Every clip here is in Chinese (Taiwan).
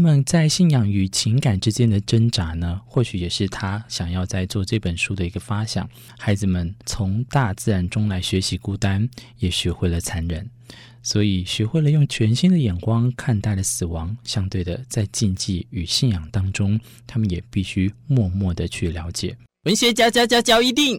他們在信仰與情感之間的掙扎呢？或許也是他想要在做這本書的一個發想。孩子們從大自然中來學習孤單，也學會了殘忍，所以學會了用全新的眼光看待了死亡。相對的，在禁忌與信仰當中，他們也必須默默的去了解。文學嚼嚼嚼嚼一定。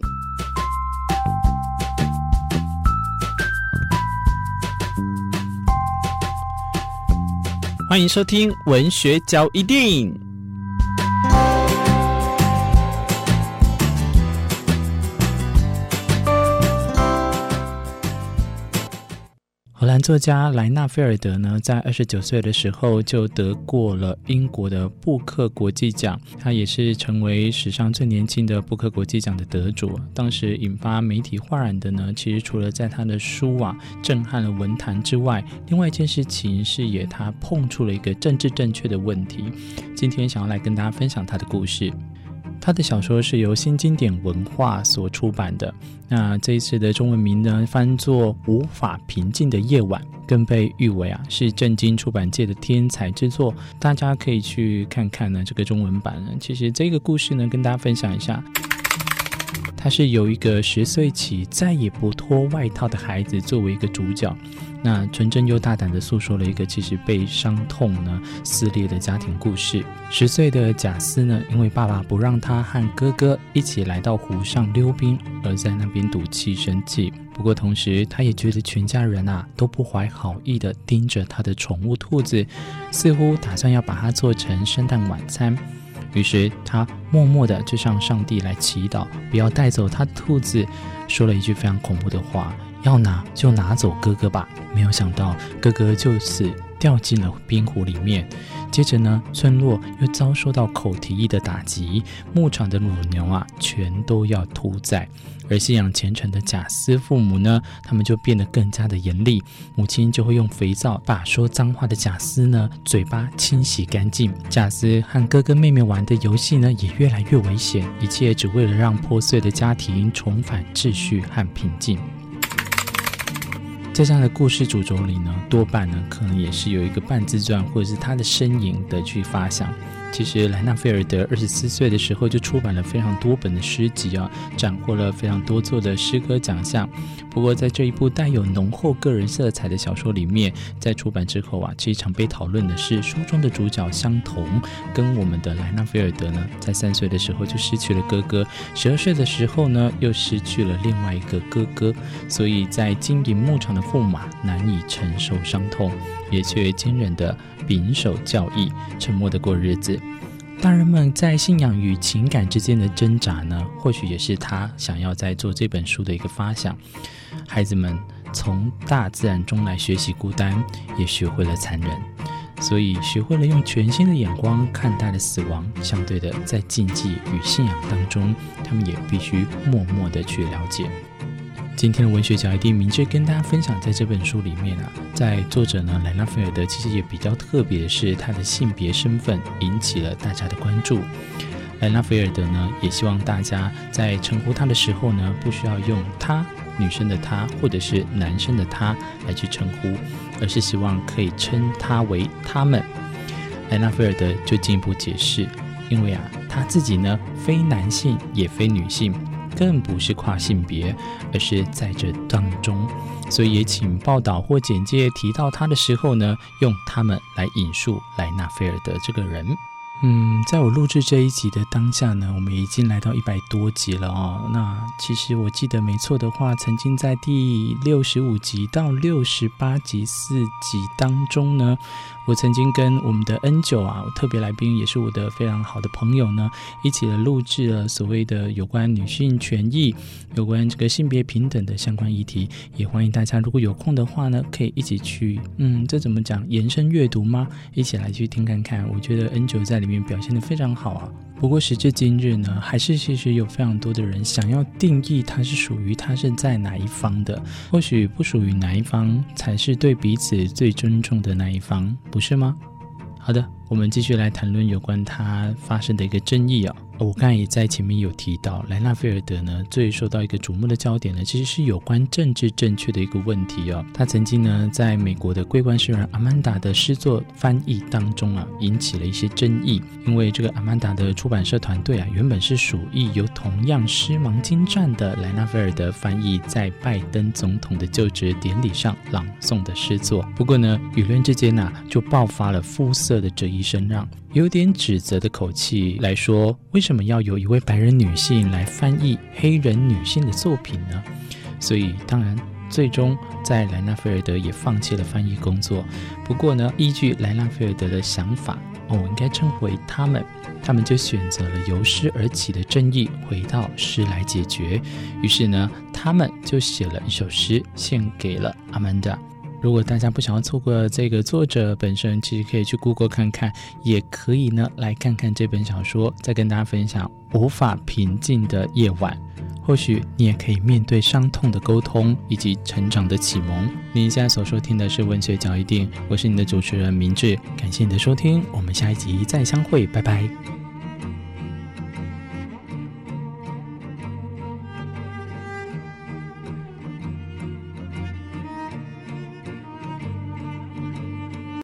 歡迎收聽文學交易電影。男作家萊納菲爾德呢，在二十九歲的時候就得過了英國的布克國際獎，他也是成為史上最年輕的布克國際獎的得主。當時引發媒體譁然的呢，其實除了在他的書啊震撼了文壇之外，另外一件事情是也他碰觸了一個政治正確的問題。今天想要來跟大家分享他的故事。他的小說是由新經典文化所出版的。那這一次的中文名呢，翻作《無法平靜的夜晚》，更被譽為啊是震驚出版界的天才之作。大家可以去看看呢這個中文版呢。其實這個故事呢，跟大家分享一下。他是由一個十歲起再也不脫外套的孩子作為一個主角，那純真又大膽地訴說了一個其實被傷痛呢撕裂的家庭故事。十歲的賈斯呢，因為爸爸不讓他和哥哥一起來到湖上溜冰，而在那邊賭氣生氣。不過同時，他也覺得全家人啊都不懷好意地盯着他的寵物兔子，似乎打算要把它做成聖誕晚餐。於是他默默地就向上，上帝來祈禱，不要帶走他的兔子。說了一句非常恐怖的話：“要拿就拿走哥哥吧。”沒有想到哥哥就此。掉進了冰湖裡面。接着呢，村落又遭受到口蹄疫的打擊，牧場的母牛啊，全都要屠宰。而信仰虔誠的賈斯父母呢，他們就變得更加的嚴厲，母親就會用肥皂把說髒話的賈斯呢嘴巴清洗乾淨。賈斯和哥哥妹妹玩的遊戲呢，也越來越危險，一切只為了讓破碎的家庭重返秩序和平靜。這樣的故事主軸裡呢，多半呢，可能也是有一個半自傳，或者是他的身影的去發想。其實萊納菲爾德二十四歲的時候就出版了非常多本的詩集啊，斬獲了非常多作的詩歌獎項。不過在這一部帶有濃厚個人色彩的小說裡面，在出版之後啊，最常被討論的是書中的主角相同，跟我們的萊納菲爾德呢，在三歲的時候就失去了哥哥，十二歲的時候呢又失去了另外一個哥哥，所以在經營牧場的父母難以承受傷痛，也卻堅韌的秉守教義，沉默的過日子。大人們在信仰與情感之間的掙扎呢，或許也是他想要在做這本書的一個發想。孩子們從大自然中來學習孤單，也學會了殘忍，所以學會了用全新的眼光看待了死亡。相對的，在禁忌與信仰當中，他們也必須默默地去了解。今天的文學獎一定明確跟大家分享，在這本書裡面啊，在作者呢，萊納菲爾德其實也比較特別，是他的性別身份引起了大家的關注。萊納菲爾德呢也希望大家在稱呼他的時候呢，不需要用她，女生的她，或者是男生的他來去稱呼，而是希望可以稱他為他們。萊納菲爾德就進一步解釋，因為啊他自己呢非男性也非女性。更不是跨性別，而是在這當中，所以也請報道或簡介提到他的時候呢，用他們來引述萊納菲爾德這個人。嗯，在我錄製這一集的當下呢，我們已經來到一百多集了哦。那其實我記得沒錯的話，曾經在第六十五集到六十八集四集當中呢，我曾經跟我們的 N 九啊，我特別來賓也是我的非常好的朋友呢，一起錄製了所謂的有關女性權益、有關這個性別平等的相關議題。也歡迎大家如果有空的話呢，可以一起去，嗯，這怎麼講？延伸閱讀嗎？一起來去聽看看。我覺得 N 九在裡面。表現得非常好啊！不過時至今日呢，還是其實有非常多的人想要定義他是屬於他是在哪一方的，或許不屬於哪一方才是對彼此最尊重的那一方，不是嗎？好的。我們繼續來談論有關他發生的一個爭議啊、哦哦，我剛才也在前面有提到，萊納菲爾德呢最受到一個矚目的焦點呢，其實是有關政治正確的一個問題哦。他曾經呢在美國的桂冠詩人阿曼達的詩作翻譯當中啊，引起了一些爭議，因為這個阿曼達的出版社團隊啊，原本是屬意由同樣詩盲精湛的萊納菲爾德翻譯，在拜登總統的就職典禮上朗誦的詩作。不過呢，輿論之間吶、啊，就爆發了膚色的這一。聲讓，有點指責的口氣來說，為什麼要有一位白人女性來翻譯黑人女性的作品呢？所以當然，最終在萊納菲爾德也放棄了翻譯工作。不過呢，依據萊納菲爾德的想法，我們應該稱為他們，他們就選擇了由詩而起的爭議，回到詩來解決。於是呢，他們就寫了一首詩獻給了阿曼達。如果大家不想要錯過這個作者本身，其實可以去 Google 看看，也可以呢來看看這本小說，再跟大家分享無法平靜的夜晚。或許你也可以面對傷痛的溝通以及成長的啟蒙。你現在所收聽的是文學角一定，我是你的主持人明智。感謝你的收聽，我們下一集一再相會，拜拜。